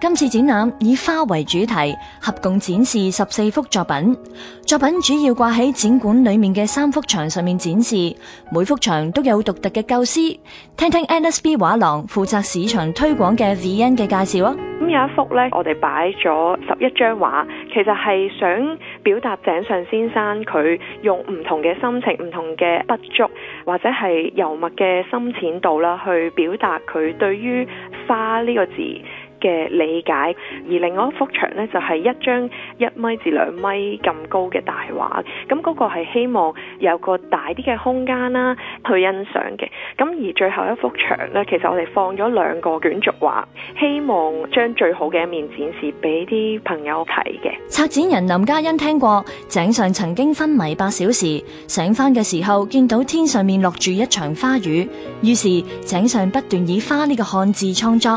今次展覽以花為主題，合共展示十四幅作品。作品主要掛喺展館裏面嘅三幅牆上面展示，每幅牆都有獨特嘅構思。聽聽 NSB 畫廊負責市場推廣嘅 Vin 嘅介紹啊！咁有一幅咧，我哋擺咗十一張畫，其實係想表達井上先生佢用唔同嘅心情、唔同嘅筆觸，或者係油墨嘅深淺度啦，去表達佢對於花呢個字，嘅理解，而另外一幅牆咧就係、是、一張一米至兩米咁高嘅大畫，咁、那個係希望有個大啲嘅空間啦去欣賞嘅。咁而最後一幅牆咧，其實我哋放咗兩個卷軸畫，希望將最好嘅一面展示俾啲朋友睇嘅。策展人林嘉欣聽過井上曾經昏迷八小時醒返嘅時候見到天上面落住一場花雨，於是井上不斷以花呢個漢字創作，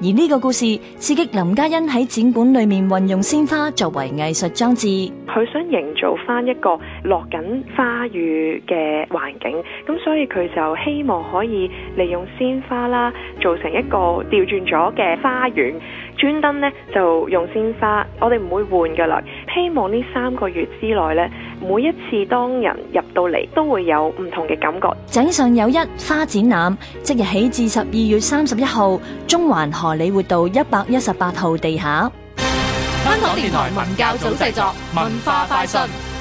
而呢個故事。刺激林嘉欣喺展館裏面運用鮮花作為藝術裝置，佢想營造翻一個落緊花雨嘅環境，咁所以佢就希望可以利用鮮花啦，做成一個調轉咗嘅花園，專登呢，就用鮮花，我哋唔會換㗎啦，希望呢三個月之內呢。每一次當人入到嚟，都會有唔同嘅感覺。井上有一花展覽，即日起至十二月三十一號，中環荷里活道一百一十八號地下。香港電台文教組製作，文化快訊。